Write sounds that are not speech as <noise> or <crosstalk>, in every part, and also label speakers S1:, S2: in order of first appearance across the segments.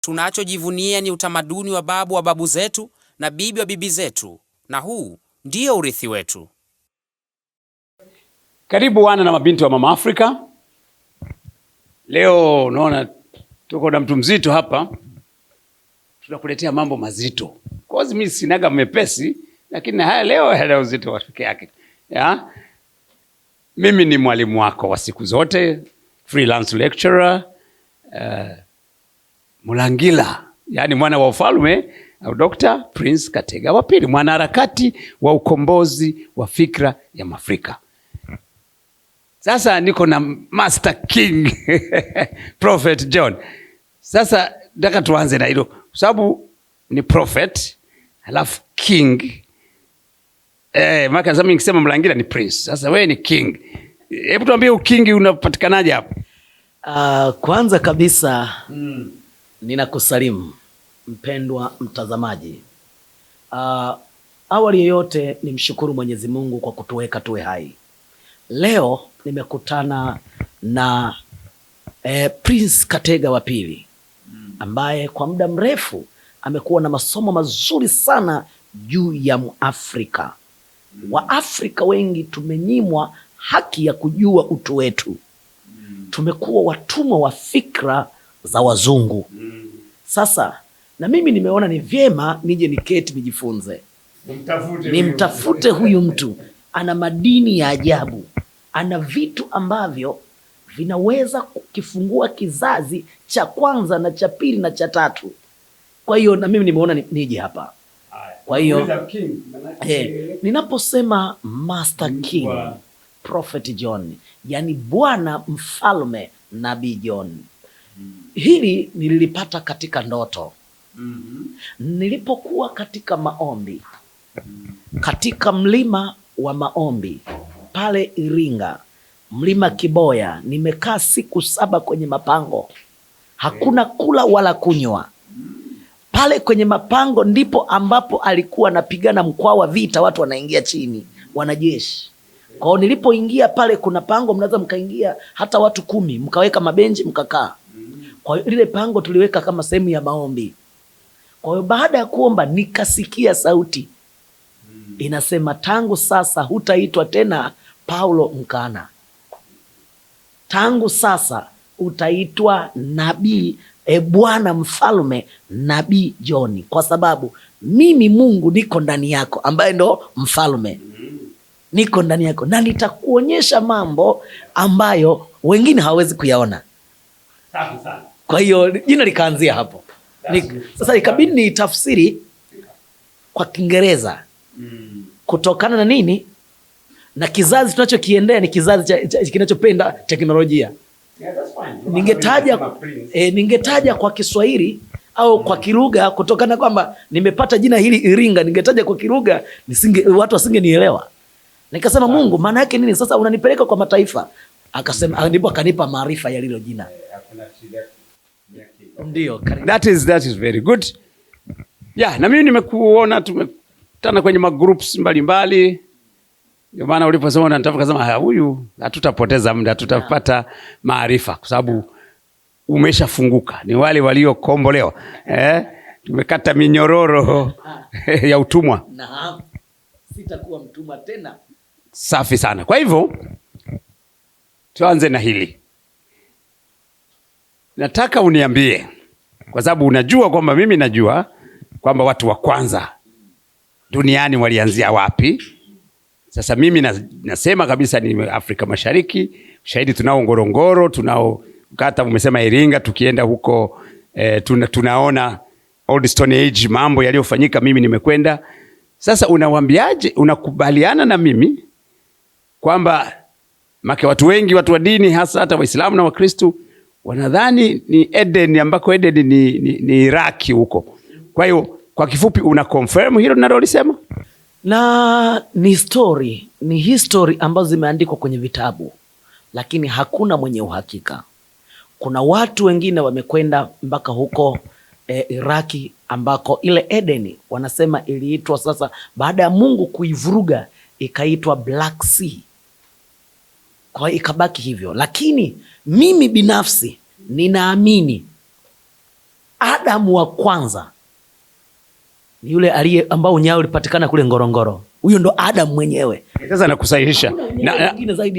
S1: Tunachojivunia ni utamaduni wa babu wa babu zetu na bibi wa bibi zetu, na huu ndio urithi wetu.
S2: Karibu wana na mabinti wa Mama Afrika. Leo unaona tuko na mtu mzito hapa, tunakuletea mambo mazito. Kozi mimi sinaga mepesi, lakini haya leo yana uzito peke yake ya? Mimi ni mwalimu wako wa siku zote, freelance lecturer uh, Mlangila, yani mwana wa ufalme au Dr. Prince Katega wa pili, mwanaharakati wa ukombozi wa fikra ya Mafrika. Sasa niko na Master King <laughs> Prophet John. Sasa nataka tuanze na hilo kwa sababu ni prophet alafu king eh, maka zamani nikisema Mlangila ni prince. Sasa wewe ni king, hebu tuambie ukingi unapatikanaje hapo?
S3: Uh, kwanza kabisa mm. Ninakusalimu mpendwa mtazamaji. Uh, awali ni mshukuru Mwenyezi Mungu kwa kutuweka tuwe hai. Leo nimekutana na eh, Prince Katega wa pili ambaye kwa muda mrefu amekuwa na masomo mazuri sana juu ya Mwafrika. Waafrika wengi tumenyimwa haki ya kujua utu wetu, tumekuwa watumwa wa fikra za wazungu. Mm. Sasa na mimi nimeona ni vyema nije niketi nijifunze,
S2: nimtafute,
S3: nimtafute huyu mtu. Ana madini ya ajabu, ana vitu ambavyo vinaweza kukifungua kizazi cha kwanza na cha pili na cha tatu. Kwa hiyo na mimi nimeona nije hapa. Kwa hiyo eh, ninaposema Master King Prophet John, yani Bwana Mfalme Nabii John Hili nililipata katika ndoto mm -hmm. Nilipokuwa katika maombi katika mlima wa maombi pale Iringa, mlima Kiboya, nimekaa siku saba kwenye mapango, hakuna kula wala kunywa pale kwenye mapango ndipo ambapo alikuwa anapigana wa vita, watu wanaingia chini, wanajeshi. Kwao nilipoingia pale, kuna pango, mnaweza mkaingia hata watu kumi, mkaweka mabenji mkakaa. Kwa hiyo lile pango tuliweka kama sehemu ya maombi. Kwa hiyo baada ya kuomba nikasikia sauti hmm. inasema, tangu sasa hutaitwa tena Paulo Mkana, tangu sasa utaitwa nabii e, Bwana Mfalme, nabii John, kwa sababu mimi Mungu niko ndani yako, ambaye ndo mfalme, hmm. niko ndani yako na nitakuonyesha mambo ambayo wengine hawawezi kuyaona. Safi sana. Kwa hiyo jina likaanzia hapo ni, sasa ikabidi ni tafsiri kwa Kiingereza mm. kutokana na nini na kizazi tunachokiendea ni kizazi kinachopenda teknolojia yeah, ningetaja e, ningetaja kwa Kiswahili au mm. kwa kilugha kutokana kwamba nimepata jina hili Iringa, ningetaja kwa kilugha watu wasingenielewa. Nikasema Mungu, maana yake nini? Sasa unanipeleka kwa mataifa, akasema mm. ndipo akanipa maarifa ya lilo jina yeah,
S2: ndio, That is, that is very good. Yeah, na mimi nimekuona tumekutana kwenye magroups mbalimbali. Ndio maana uliposema unanitafuta kasema ah, huyu hatutapoteza muda tutapata maarifa kwa sababu umeshafunguka. Ni wale waliokombolewa. Eh? Tumekata minyororo <laughs> ya utumwa.
S3: Naam. Sitakuwa mtumwa tena.
S2: Safi sana. Kwa hivyo tuanze na hili nataka uniambie, kwa sababu unajua kwamba mimi najua kwamba watu wa kwanza duniani walianzia wapi. Sasa mimi nasema kabisa ni Afrika Mashariki. Shahidi tunao Ngorongoro, tunao kata, umesema Iringa, tukienda huko eh, tuna, tunaona Old Stone Age, mambo yaliyofanyika, mimi nimekwenda. Sasa unawambiaje, unakubaliana na mimi kwamba make watu wengi, watu wa dini, hasa hata Waislamu na Wakristu wanadhani ni Eden ambako Eden ni, ni, ni Iraki huko. Kwa hiyo kwa kifupi una confirm hilo ninalolisema,
S3: na ni story, ni history ambazo zimeandikwa kwenye vitabu, lakini hakuna mwenye uhakika. Kuna watu wengine wamekwenda mpaka huko e, Iraki ambako ile eden wanasema iliitwa sasa, baada ya Mungu kuivuruga ikaitwa Black Sea kwa ikabaki hivyo, lakini mimi binafsi ninaamini Adamu wa kwanza ni yule aliye ambao unyao ulipatikana kule Ngorongoro. Huyo ndo Adamu mwenyewe.
S2: Sasa nakusahihisha,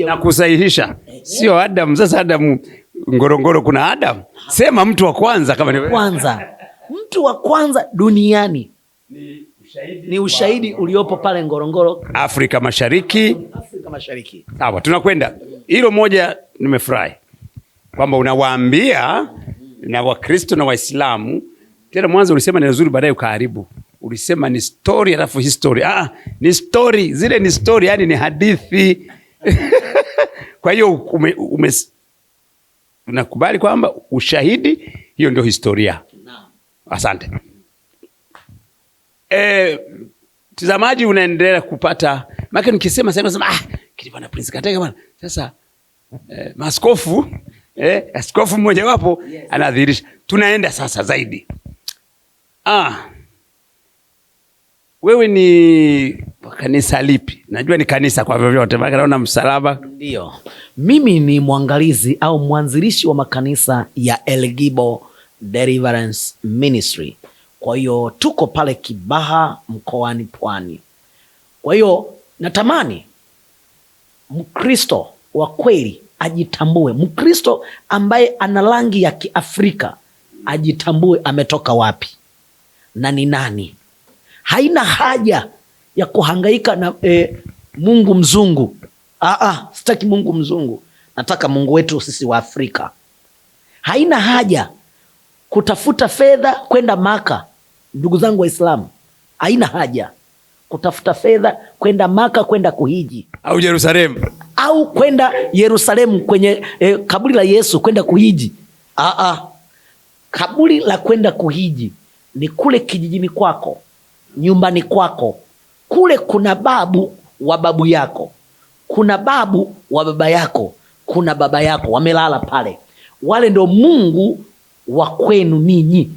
S2: nakusahihisha na, na, eh, sio Adamu. Sasa Adamu Ngorongoro kuna Adamu, sema mtu wa kwanza kama
S3: ni kwanza, mtu wa kwanza duniani ni ni ushahidi uliopo pale Ngorongoro,
S2: Afrika Mashariki. Afrika Mashariki, sawa, tunakwenda hilo moja. Nimefurahi kwamba unawaambia na Wakristo na Waislamu. Tena mwanzo ulisema ni nzuri, baadaye ukaharibu. Ulisema ni story alafu history. Ah, ni story zile, ni story, yani ni hadithi <laughs> kwa hiyo ume, ume, unakubali kwamba ushahidi hiyo ndio historia. Asante eh, tazamaji unaendelea kupata maana nikisema sasa nasema ah kilikuwa na Prince Katenge bwana. Sasa eh, maskofu eh, askofu mmoja wapo yes, anadhihirisha. Tunaenda sasa zaidi. Ah. Wewe ni kanisa lipi? Najua ni kanisa kwa vyovyote, maana naona msalaba.
S3: Ndio. Mimi ni mwangalizi au mwanzilishi wa makanisa ya Elgibo Deliverance Ministry kwa hiyo tuko pale Kibaha mkoani Pwani. Kwa hiyo natamani Mkristo wa kweli ajitambue, Mkristo ambaye ana rangi ya Kiafrika ajitambue ametoka wapi na ni nani. Haina haja ya kuhangaika na e, Mungu mzungu. Aa, sitaki Mungu mzungu, nataka Mungu wetu sisi wa Afrika. Haina haja kutafuta fedha kwenda Maka Ndugu zangu Waislamu, haina haja kutafuta fedha kwenda Maka kwenda kuhiji
S2: au Yerusalemu
S3: au kwenda Yerusalemu kwenye eh, kaburi la Yesu kwenda kuhiji. Aa, kaburi la kwenda kuhiji ni kule kijijini kwako, nyumbani kwako. Kule kuna babu wa babu yako, kuna babu wa baba yako, kuna baba yako wamelala pale. Wale ndo Mungu wa kwenu ninyi.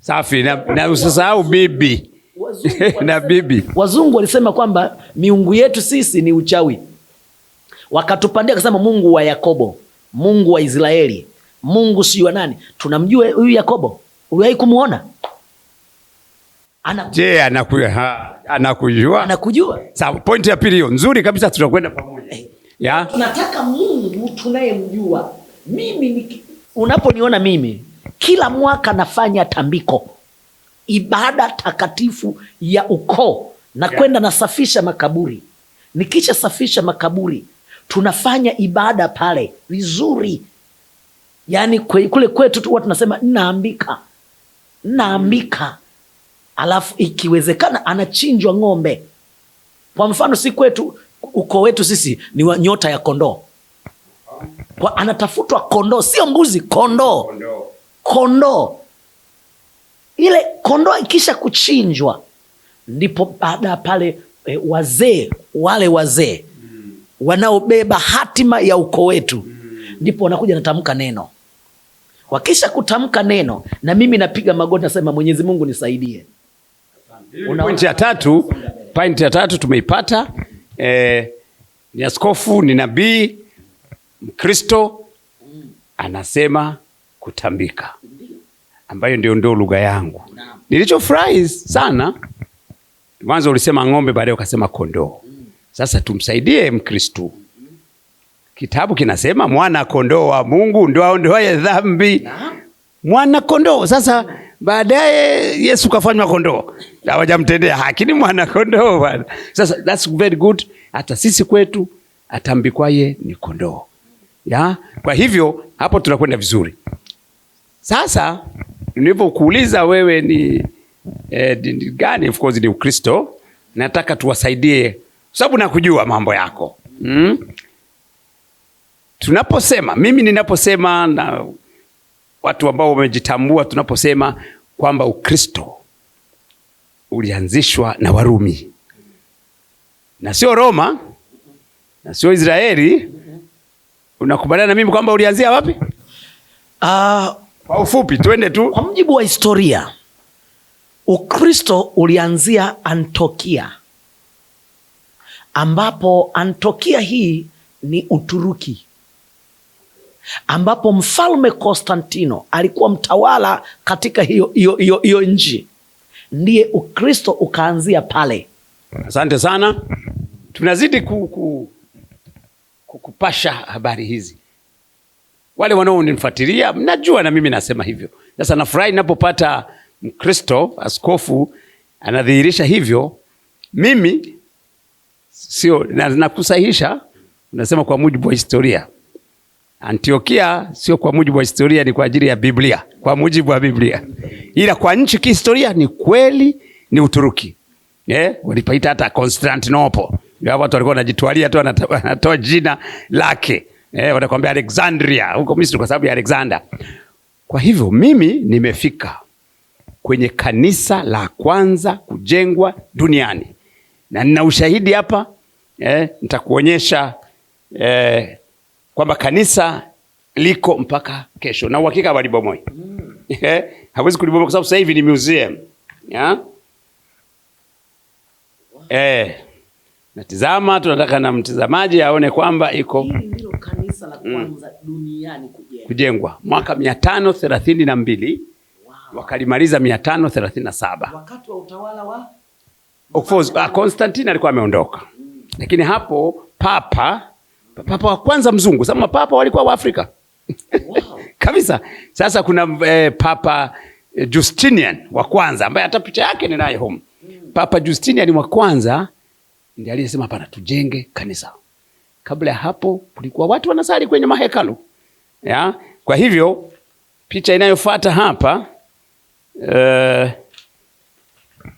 S2: Safi na, na usisahau bibi <laughs> na bibi.
S3: Wazungu walisema kwamba miungu yetu sisi ni uchawi, wakatupandia kasema Mungu wa Yakobo, Mungu wa Israeli, Mungu siwa wa nani. Tunamjua huyu Yakobo, uliwahi kumuona?
S2: Anaku... Je, anaku... ha, anakujua? Anakujua. Sa, pointi ya pili hiyo nzuri kabisa, tutakwenda pamoja
S3: eh, Tunataka Mungu tunayemjua. Mimi ni... unaponiona mimi kila mwaka nafanya tambiko, ibada takatifu ya ukoo, na kwenda nasafisha makaburi. Nikisha safisha makaburi, tunafanya ibada pale vizuri. Yaani kwe, kule kwetu tu huwa tunasema naambika naambika alafu ikiwezekana anachinjwa ng'ombe. Kwa mfano, si kwetu, ukoo wetu sisi ni wa nyota ya kondoo, anatafutwa kondoo, sio mbuzi, kondoo kondoo. Ile kondoo ikisha kuchinjwa, ndipo baada ya pale e, wazee wale wazee wanaobeba hatima ya ukoo wetu ndipo wanakuja natamka neno. Wakisha kutamka neno, na mimi napiga magoti nasema, Mwenyezi Mungu nisaidie.
S2: Pointi ya tatu, pointi ya tatu tumeipata. E, ni askofu, ni nabii Mkristo, anasema kutambika, ambayo ndio ndio lugha yangu. Nilichofurahi sana mwanzo ulisema ng'ombe, baadaye ukasema kondoo. Sasa tumsaidie Mkristu. Kitabu kinasema mwana kondoo wa Mungu ndio aondoaye dhambi, mwana kondoo. Sasa baadaye Yesu kafanywa kondoo, hawajamtendea haki, ni mwana kondoo bwana. Sasa that's very good. Hata sisi kwetu atambikwaye ni kondoo ya. Kwa hivyo hapo tunakwenda vizuri. Sasa nilivyokuuliza wewe ni eh, dini gani? Of course ni Ukristo. Nataka tuwasaidie sababu nakujua mambo yako mm? Tunaposema mimi ninaposema na watu ambao wamejitambua, tunaposema kwamba Ukristo ulianzishwa na Warumi na sio Roma na sio Israeli, unakubaliana na mimi kwamba ulianzia wapi?
S3: Uh,
S2: kwa ufupi twende tu, kwa
S3: mujibu wa historia, Ukristo ulianzia Antiokia, ambapo Antiokia hii ni Uturuki, ambapo mfalme Konstantino alikuwa mtawala katika hiyo hiyo hiyo hiyo nchi, ndiye Ukristo ukaanzia pale.
S2: Asante sana, tunazidi ku, ku, kupasha habari hizi wale wanaonifuatilia mnajua na mimi nasema hivyo. Sasa nafurahi ninapopata Mkristo askofu anadhihirisha hivyo, mimi sio na, nakusahihisha unasema kwa mujibu wa historia. Antiokia sio kwa mujibu wa historia, ni kwa ajili ya Biblia, kwa mujibu wa Biblia, ila kwa nchi kihistoria ni kweli ni Uturuki eh, walipaita hata Constantinople, watu walikuwa wanajitwalia tu, wanatoa jina lake eh, watakwambia Alexandria huko Misri kwa sababu ya Alexander. Kwa hivyo mimi nimefika kwenye kanisa la kwanza kujengwa duniani na nina ushahidi hapa eh, nitakuonyesha eh, kwamba kanisa liko mpaka kesho na uhakika walibomoi mm. <laughs> Eh, hawezi kulibomoa kwa sababu sasa hivi ni museum ya? Wow. Eh, natizama tunataka na mtizamaji aone kwamba iko mm
S3: kanisa la mm. kwanza mm. duniani kujengwa, kujengwa
S2: mwaka mia tano thelathini na mbili wow. wakalimaliza mia tano thelathini na saba
S3: wakati wa utawala wa
S2: of course uh, ah, Konstantini alikuwa ameondoka mm. lakini hapo papa papa wa kwanza mzungu. Sasa mapapa walikuwa wa Afrika wow. <laughs> kabisa. Sasa kuna eh, papa eh, Justinian wa kwanza ambaye hata picha yake ninayo home mm. Papa Justinian wa kwanza ndiye aliyesema hapana, tujenge kanisa mm. Kabla ya hapo kulikuwa watu wanasali kwenye mahekalu ya. Kwa hivyo picha inayofuata hapa uh, eh,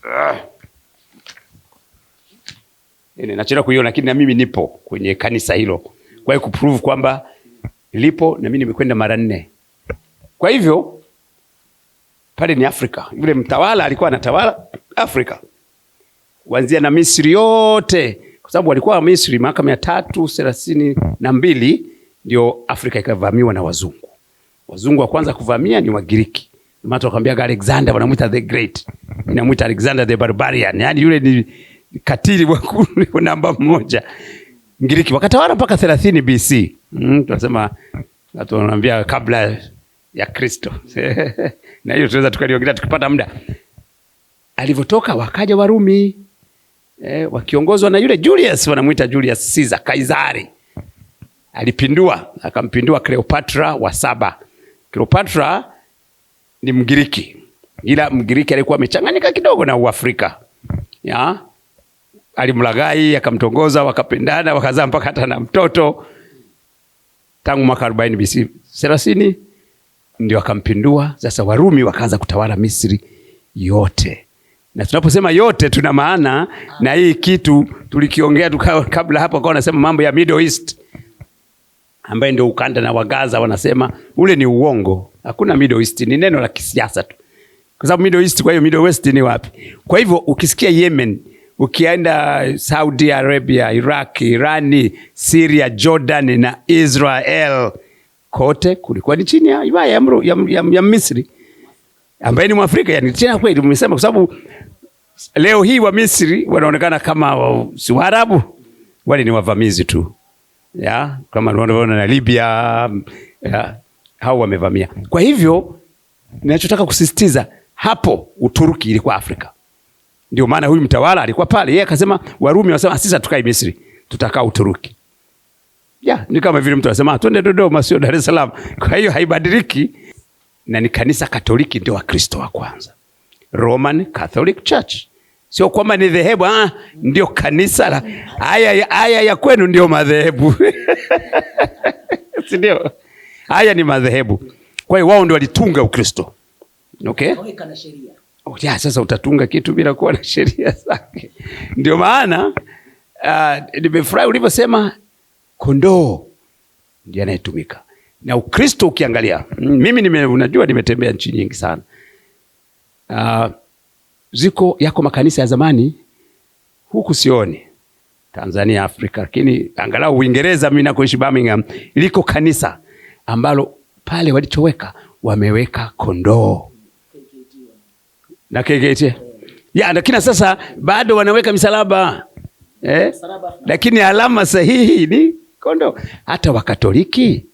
S2: uh, eh, nachelewa kuiona, lakini na mimi nipo kwenye kanisa hilo, kwa hiyo kuprove kwamba lipo na mimi nimekwenda mara nne. Kwa hivyo pale ni Afrika, yule mtawala alikuwa anatawala Afrika kuanzia na Misri yote kwa sababu walikuwa wa Misri mwaka mia tatu thelathini na mbili ndio Afrika ikavamiwa na wazungu. Wazungu wa kwanza kuvamia ni Wagiriki. Mtu akamwambia Alexander wanamuita the Great. inamuita Alexander the Barbarian. yani yule ni katili wa namba moja. Ngiriki wakatawala mpaka 30 BC. Mm, tunasema watu wanaambia kabla ya Kristo. <laughs> na hiyo tunaweza tukaliongelea tukipata muda. Alivyotoka wakaja Warumi eh, wakiongozwa na yule Julius, wanamuita Julius Caesar, Kaisari. Alipindua, akampindua Cleopatra wa saba. Cleopatra ni Mgiriki, ila Mgiriki alikuwa amechanganyika kidogo na Uafrika ya alimlagai, akamtongoza, wakapendana, wakazaa mpaka hata na mtoto tangu mwaka 40 BC 30 ndio akampindua. Sasa Warumi wakaanza kutawala Misri yote na tunaposema yote tuna maana, ah. na hii kitu tulikiongea tukawa kabla hapo, akawa wanasema mambo ya Middle East ambaye ndio ukanda na wagaza, wanasema ule ni uongo, hakuna Middle East, ni neno la kisiasa tu, kwa sababu Middle East, kwa hiyo Middle West ni wapi? Kwa hivyo ukisikia Yemen, ukienda Saudi Arabia, Iraq, Irani, Syria, Jordan na Israel, kote kulikuwa ni chini ya ibaya ya, ya, ya, ya Misri ambaye ni Mwafrika yani, tena kweli umesema, kwa sababu leo hii wa Misri wanaonekana kama wa, si Waarabu wale, ni wavamizi tu ya, kama unavyoona na Libya ya, hao wamevamia. Kwa hivyo ninachotaka kusisitiza hapo, Uturuki ilikuwa Afrika, ndio maana huyu mtawala alikuwa pale, yeye akasema, Warumi wasema ah, sisi tukai Misri, tutakaa Uturuki. Ya, ni kama vile mtu anasema ah, twende Dodoma, sio Dar es Salaam. Kwa hiyo haibadiliki na ni kanisa Katoliki ndio Wakristo wa kwanza, Roman Catholic Church. Sio kwamba ni dhehebu ah, ndio kanisa la haya haya ya kwenu ndio madhehebu <laughs> si ndio? Haya ni madhehebu. Kwa hiyo wao ndio walitunga Ukristo. Okay? Oh, ya, sasa utatunga kitu bila kuwa na sheria zake. Ndio maana uh, nimefurahi ulivyosema kondoo ndiye anayetumika na Ukristo ukiangalia, mimi nime, unajua nimetembea nchi nyingi sana. Uh, ziko yako makanisa ya zamani huku sioni Tanzania, Afrika, lakini angalau Uingereza, mimi nakoishi Birmingham, liko kanisa ambalo pale walichoweka wameweka kondoo na KKT ya lakini sasa bado wanaweka misalaba eh? lakini alama sahihi ni kondoo. Hata Wakatoliki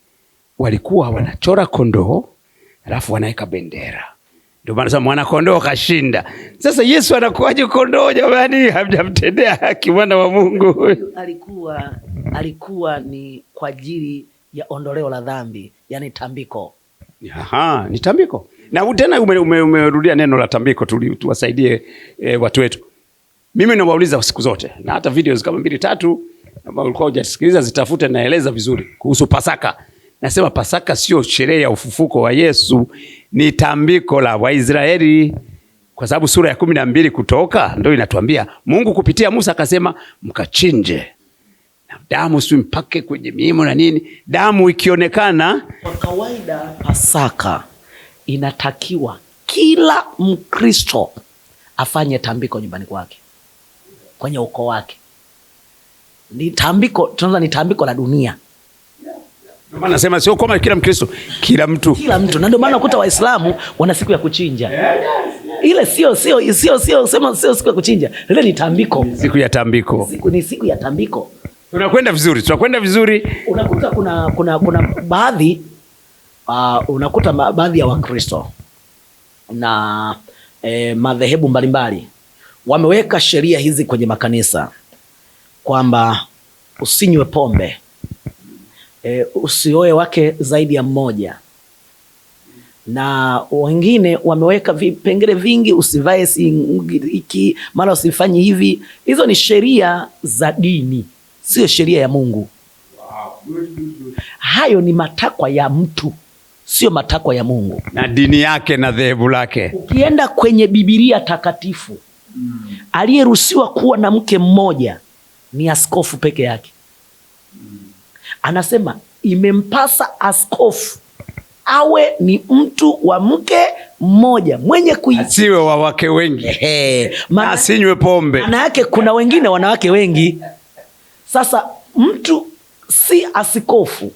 S2: walikuwa hmm. wanachora kondoo alafu wanaweka bendera. Ndio maana mwana kondoo kashinda. Sasa Yesu anakuwaje kondoo? Jamani, hamjamtendea haki mwana wa Mungu.
S3: Alikuwa alikuwa ni kwa ajili ya ondoleo la dhambi, yani tambiko.
S2: Aha, ni tambiko. Na tena umerudia ume, ume neno la tambiko, tuwasaidie e, watu wetu. Mimi nawauliza siku zote na hata videos kama mbili tatu, ambao ulikuwa hujasikiliza zitafute, naeleza vizuri kuhusu Pasaka. Nasema Pasaka sio sherehe ya ufufuko wa Yesu, ni tambiko la Waisraeli, kwa sababu sura ya kumi na mbili Kutoka ndio inatuambia Mungu kupitia Musa akasema mkachinje na damu si mpake kwenye miimo na nini, damu ikionekana. Kwa
S3: kawaida Pasaka inatakiwa kila Mkristo afanye tambiko nyumbani kwake, kwenye ukoo wake, ni tambiko, tunaona ni tambiko la dunia.
S2: Ndio maana nasema sio kwamba kila Mkristo, kila mtu,
S3: kila mtu. Na ndio maana ukuta Waislamu wana siku ya kuchinja ile sio sio sio sio sema sio siku ya kuchinja, ile ni tambiko,
S2: siku ya tambiko,
S3: siku ni siku ya tambiko.
S2: Tunakwenda vizuri, tunakwenda vizuri.
S3: Unakuta kuna kuna kuna baadhi uh, unakuta baadhi ya Wakristo na eh, madhehebu mbalimbali wameweka sheria hizi kwenye makanisa kwamba usinywe pombe e, usioe wake zaidi ya mmoja, na wengine wameweka vipengele vingi, usivae siiki mara usifanyi hivi. Hizo ni sheria za dini, sio sheria ya Mungu. Hayo ni matakwa ya mtu, sio matakwa ya Mungu
S2: na dini yake na dhehebu lake.
S3: Ukienda kwenye Bibilia takatifu, hmm. aliyeruhusiwa kuwa na mke mmoja ni askofu peke yake anasema imempasa askofu awe ni mtu wa mke mmoja mwenye kuisiwe
S2: wa wake wengi na asinywe pombe.
S3: Maana yake kuna wengine wanawake wengi. Sasa mtu si asikofu,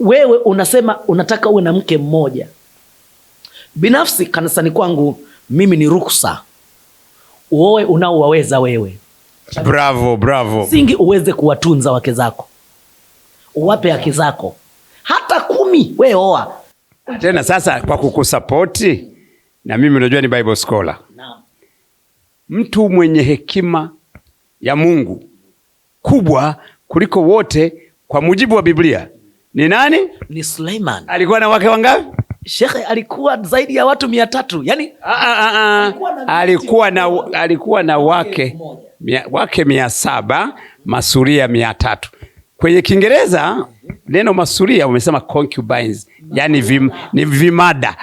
S3: wewe unasema unataka uwe na mke mmoja. Binafsi kanisani kwangu mimi ni ruksa uoe unaowaweza wewe
S2: bravo, bravo.
S3: singi uweze kuwatunza wake zako, uwape haki zako, hata kumi we oa
S2: tena. Sasa kwa kukusapoti na mimi, unajua ni Bible scholar, mtu mwenye hekima ya Mungu kubwa kuliko wote kwa mujibu wa Biblia ni nani?
S3: Ni Suleiman.
S2: Alikuwa na wake wangapi?
S3: Shekhe alikuwa zaidi ya watu mia tatu yani,
S2: ah, ah, ah, alikuwa na, alikuwa na wake mia, wake mia saba masuria mia tatu Kwenye Kiingereza neno masuria umesema concubines, yani vim, ni vimada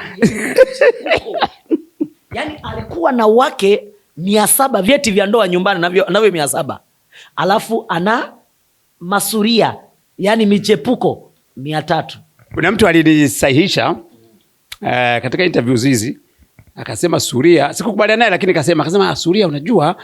S3: <laughs> yani, alikuwa na wake mia saba vyeti vya ndoa nyumbani navyo, navyo mia saba alafu ana masuria yani michepuko mia tatu
S2: Kuna mtu alinisahihisha eh, katika interviews hizi akasema Suria, sikukubaliana naye, lakini akasema akasema ah, Suria, unajua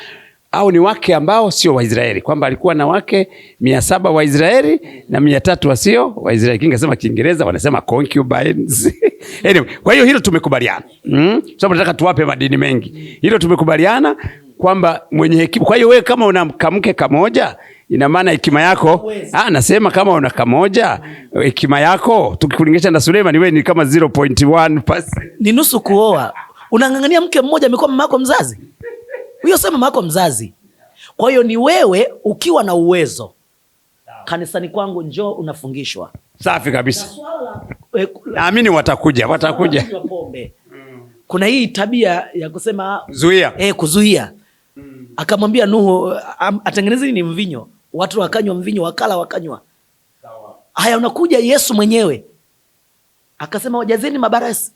S2: au ni wake ambao sio Waisraeli, kwamba alikuwa na wake mia saba Waisraeli na mia tatu wasio Waisraeli. Kinga sema Kiingereza wanasema concubines <laughs> anyway, kwa hiyo hilo tumekubaliana mm. So nataka tuwape madini mengi, hilo tumekubaliana kwamba mwenye hekima. Kwa hiyo wewe kama una kamke kamoja Ina maana hekima yako ah, nasema kama una kamoja hekima yako tukikulinganisha na Suleiman, wewe ni kama 0.1%.
S3: Ni nusu kuoa. Unang'ang'ania mke mmoja amekuwa mama yako mzazi. Huyo sema mama yako mzazi. Kwa hiyo ni wewe ukiwa na uwezo. Kanisani kwangu njoo unafungishwa.
S2: Safi kabisa. Eh, eh, naamini watakuja, watakuja.
S3: Kuna hii tabia ya kusema zuia. Eh, kuzuia. Mm. Akamwambia Nuhu atengeneze ni mvinyo, watu wakanywa mvinyo, wakala wakanywa. Haya, unakuja Yesu mwenyewe akasema wajazeni mabarasi,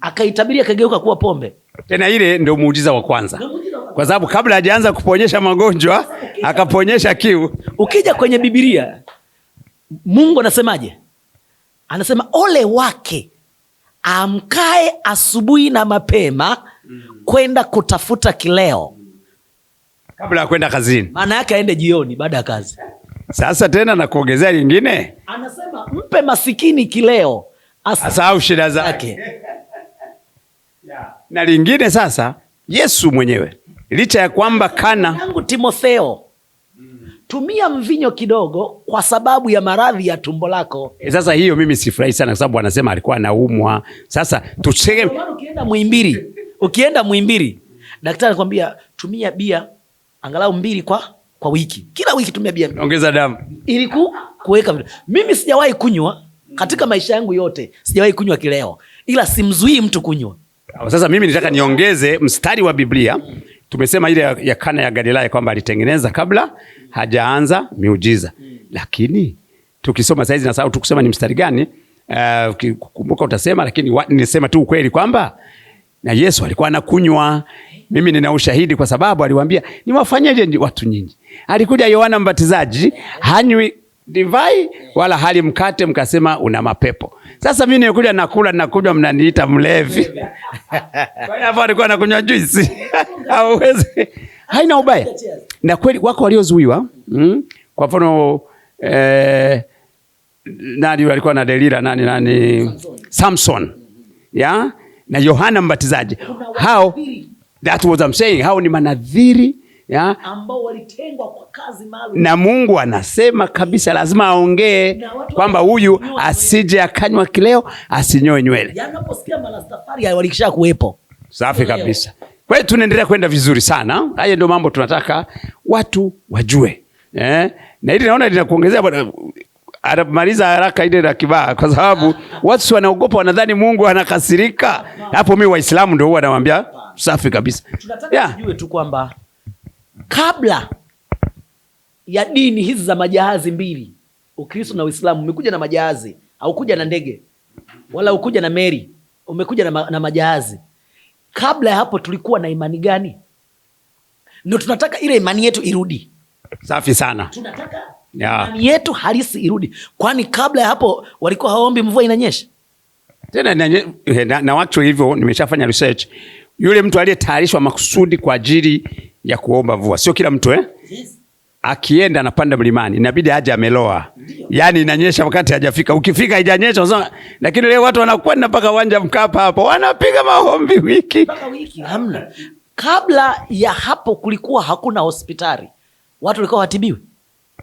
S3: akaitabiria akageuka kuwa pombe.
S2: Tena ile ndio muujiza wa kwanza, kwa sababu kabla hajaanza kuponyesha magonjwa akaponyesha kiu.
S3: Ukija kwenye Bibilia Mungu anasemaje? Anasema ole wake amkae asubuhi na mapema mm. kwenda kutafuta kileo
S2: kabla ya kwenda kazini,
S3: maana yake aende jioni baada ya kazi.
S2: Sasa tena nakuongezea lingine,
S3: anasema mpe masikini kileo
S2: asahau shida zake. Na lingine sasa, Yesu mwenyewe licha ya kwamba kana
S3: yangu Timotheo tumia mvinyo kidogo kwa sababu ya maradhi ya tumbo lako.
S2: E, sasa hiyo mimi sifurahi sana kwa sababu anasema alikuwa anaumwa. Sasa tuseme
S3: ukienda Muimbili, ukienda Muimbili daktari anakuambia tumia bia angalau mbili kwa kwa wiki, kila wiki tumia bia, ongeza damu ili kuweka. vitu. Mimi sijawahi kunywa katika maisha yangu yote, sijawahi kunywa kileo, ila simzuii mtu kunywa.
S2: Sasa mimi nitaka niongeze mstari wa Biblia. Tumesema ile ya Kana ya Galilaya kwamba alitengeneza kabla hajaanza miujiza, lakini tukisoma saizi na sahau tukusema ni mstari gani. Uh, kumbuka utasema, lakini nisema tu ukweli kwamba na Yesu alikuwa anakunywa. Mimi nina ushahidi kwa sababu aliwaambia niwafanyeje watu nyinyi. Alikuja Yohana Mbatizaji hanywi divai wala hali mkate, mkasema una mapepo. Sasa mimi nikuja nakula nakunywa, mnaniita mlevi <laughs> Kwa hapo alikuwa anakunywa juisi <laughs> hauwezi, haina ubaya na kweli, wako waliozuiwa mm? Kwa mfano eh, nani alikuwa na Delila nani nani Samson, Samson. ya yeah? na Yohana Mbatizaji. Hao that was I'm saying, hao ni manadhiri ya,
S3: ambao walitengwa kwa kazi maalum.
S2: Na Mungu anasema kabisa lazima aongee kwamba huyu asije akanywa kileo, asinyoe nywele.
S3: Yanaposikia yaani ya walikisha kuwepo.
S2: Safi kabisa. Kwa hiyo tunaendelea kwenda vizuri sana. Haya ndio mambo tunataka watu wajue eh? Na hili naona linakuongezea anamaliza haraka ile na kibaa, kwa sababu watu wanaogopa, wanadhani Mungu anakasirika. Hapo mimi Waislamu ndio huwa nawaambia safi kabisa.
S3: Tunataka yeah, tujue tu kwamba kabla ya dini hizi za majahazi mbili, Ukristo na Uislamu, umekuja na majahazi, haukuja na ndege wala ukuja na meli, umekuja na, ma na majahazi. Kabla ya hapo tulikuwa na imani gani? Ndio tunataka ile imani yetu irudi.
S2: Safi sana, tunataka
S3: yeah. yetu halisi irudi, kwani kabla ya hapo walikuwa hawaombi mvua inanyesha
S2: tena na, eh, na, na watu hivyo. Nimeshafanya research, yule mtu aliyetayarishwa makusudi kwa ajili ya kuomba mvua sio kila mtu eh? Yes. Akienda anapanda mlimani inabidi aje ameloa, yani inanyesha wakati hajafika. Ukifika haijanyesha lakini leo watu wanakwenda mpaka uwanja Mkapa hapo wanapiga maombi wiki
S3: mpaka wiki hamna. Kabla ya hapo kulikuwa hakuna hospitali, watu walikuwa watibiwe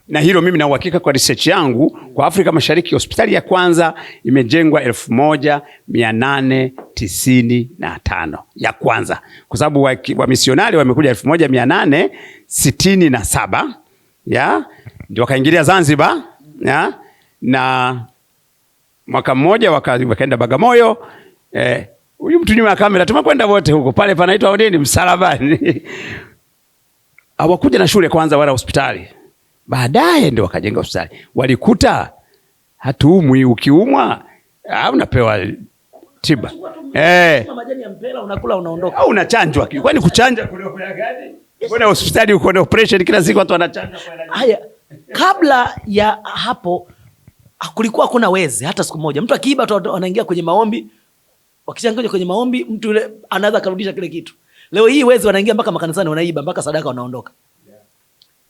S2: na hilo mimi na uhakika kwa research yangu kwa Afrika Mashariki, hospitali ya kwanza imejengwa elfu moja mia nane tisini na tano ya kwanza, kwa sababu wamisionari wa wamekuja elfu moja mia nane sitini na saba ya ndio wakaingilia Zanzibar ya, na mwaka mmoja wakaenda Bagamoyo eh, huyu mtu nyuma ya kamera tumekwenda wote huko, pale panaitwa nini, Msalabani. <laughs> Hawakuja na shule kwanza wala hospitali Baadaye ndio wakajenga hospitali, walikuta hatuumwi, ukiumwa ah, unapewa tiba eh, ah, unachanjwa. Kwani kuchanja kuna hospitali uko na operation kila siku, watu wanachanja.
S3: Haya, kabla ya hapo ah, kulikuwa kuna wezi hata siku moja. Mtu akiiba tu anaingia kwenye maombi, wakichanganya kwenye maombi, mtu yule anaweza akarudisha kile kitu. Leo hii wezi wanaingia mpaka makanisani, wanaiba mpaka sadaka, wanaondoka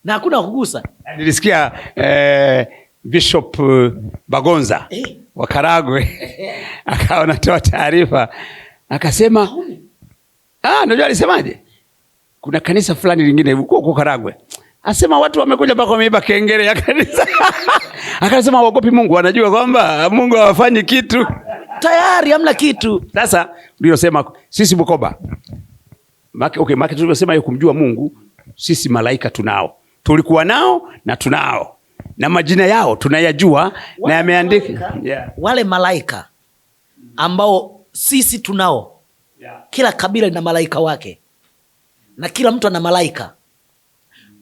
S3: na hakuna kugusa.
S2: Nilisikia eh, Bishop eh, Bagonza eh, wa Karagwe <laughs> akawa anatoa taarifa akasema, ah, unajua alisemaje? Kuna kanisa fulani lingine huko huko Karagwe asema watu wamekuja mpaka wameiba kengele ya kanisa <laughs> akasema waogopi Mungu, wanajua kwamba Mungu hawafanyi kitu
S3: tayari, hamna kitu.
S2: Sasa uliosema sisi Bukoba maki, okay, maki tulivyosema hiyo kumjua Mungu, sisi malaika tunao tulikuwa nao na tunao na majina yao tunayajua wale na yameandika
S3: yeah. Wale malaika ambao sisi tunao yeah. Kila kabila lina malaika wake na kila mtu ana malaika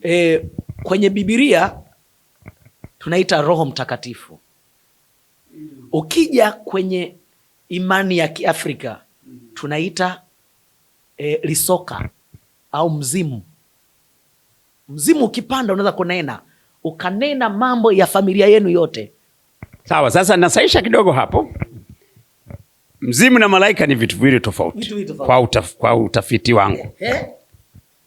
S3: e, kwenye Bibilia tunaita Roho Mtakatifu. Ukija kwenye imani ya Kiafrika tunaita e, lisoka au mzimu Mzimu ukipanda unaweza kunena ukanena mambo ya familia yenu yote.
S2: Sawa, sasa nasaisha kidogo hapo. Mzimu na malaika ni vitu viwili tofauti kwa, utaf, kwa utafiti wangu eh?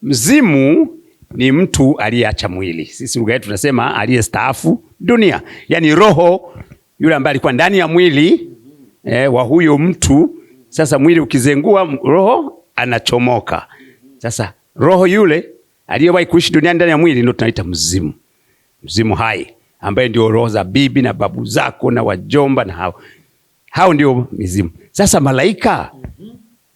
S2: Mzimu ni mtu aliyeacha mwili, sisi lugha yetu tunasema aliyestaafu dunia, yani roho yule ambaye alikuwa ndani ya mwili eh, wa huyo mtu. Sasa mwili ukizengua, roho anachomoka. Sasa roho yule aliyewahi kuishi duniani ndani ya mwili, ndio tunaita mzimu, mzimu hai, ambaye ndio roho za bibi na babu zako na wajomba na hao hao ndio mizimu. Sasa malaika mhm.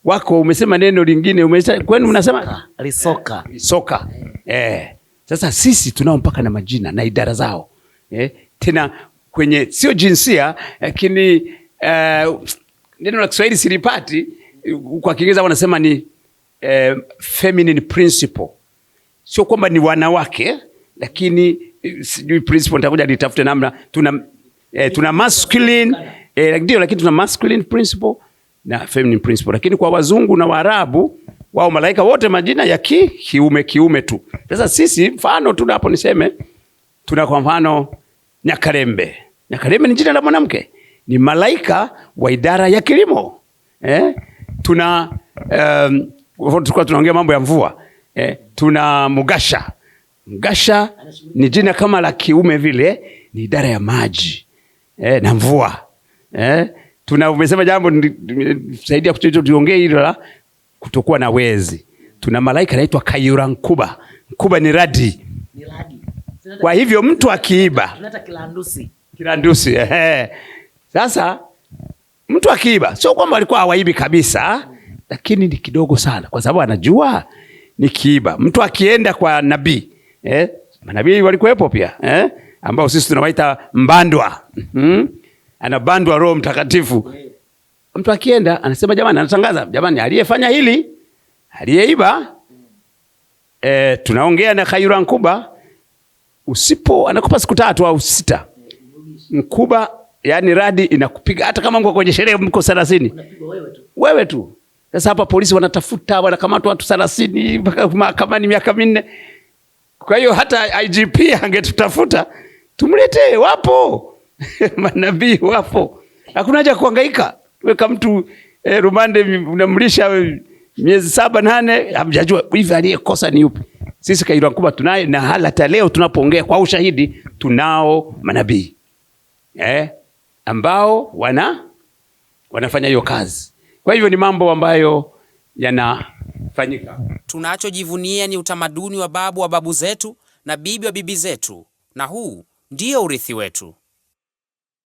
S2: wako, umesema neno lingine, umesema kwenu, mnasema
S3: risoka
S2: lisoka. Eh, sasa sisi tunao mpaka na majina na idara zao eh, tena kwenye sio jinsia, lakini eh, neno la Kiswahili silipati, kwa Kiingereza wanasema ni eh, feminine principle sio kwamba ni wanawake, lakini eh, sijui principle nitakuja nitafute namna. Tuna eh, tuna masculine eh, ndio, lakini tuna masculine principle na feminine principle, lakini kwa wazungu na Waarabu wao malaika wote majina ya ki kiume kiume tu. Sasa sisi mfano tuna hapo niseme tuna kwa mfano Nyakarembe. Nyakarembe ni jina la mwanamke, ni malaika wa idara ya kilimo eh? Tuna um, tulikuwa tunaongea mambo ya mvua eh? tuna Mugasha. Mugasha ni jina kama la kiume vile, ni idara ya maji eh, na mvua eh. Tuna umesema jambo saidia tuongee hilo la kutokuwa na wezi. Tuna malaika anaitwa Kayura Nkuba. Nkuba ni radi, ni radi. Kwa hivyo mtu akiiba kilandusi, kilandusi eh, eh. Sasa mtu akiiba sio kwamba alikuwa hawaibi kabisa, lakini ni kidogo sana, kwa sababu anajua ni kiiba. Mtu akienda kwa nabii eh, manabii walikuwepo pia eh, ambao sisi tunawaita mbandwa mm? Anabandwa Roho Mtakatifu. Mtu akienda anasema, jamani, anatangaza, jamani, aliyefanya hili, aliyeiba eh, tunaongea na Kayura Nkuba, usipo anakupa siku tatu au sita Nkuba, yani radi inakupiga hata kama mko kwenye sherehe, mko 30 wewe tu, wewe tu sasa hapa polisi wanatafuta, wanakamata watu thelathini mpaka mahakamani miaka minne. Kwa hiyo hata IGP angetutafuta tumletee, wapo <laughs> manabii wapo, hakuna haja kuhangaika. Weka mtu eh, rumande, unamlisha miezi saba nane, hamjajua hivi aliyekosa ni yupi. Sisi Kairwa Kuba tunaye na hata leo tunapoongea kwa ushahidi tunao manabii eh, ambao wana wanafanya hiyo kazi. Kwa hivyo ni mambo ambayo yanafanyika. Tunachojivunia ni utamaduni wa babu wa babu zetu na bibi wa bibi zetu, na huu ndio urithi wetu.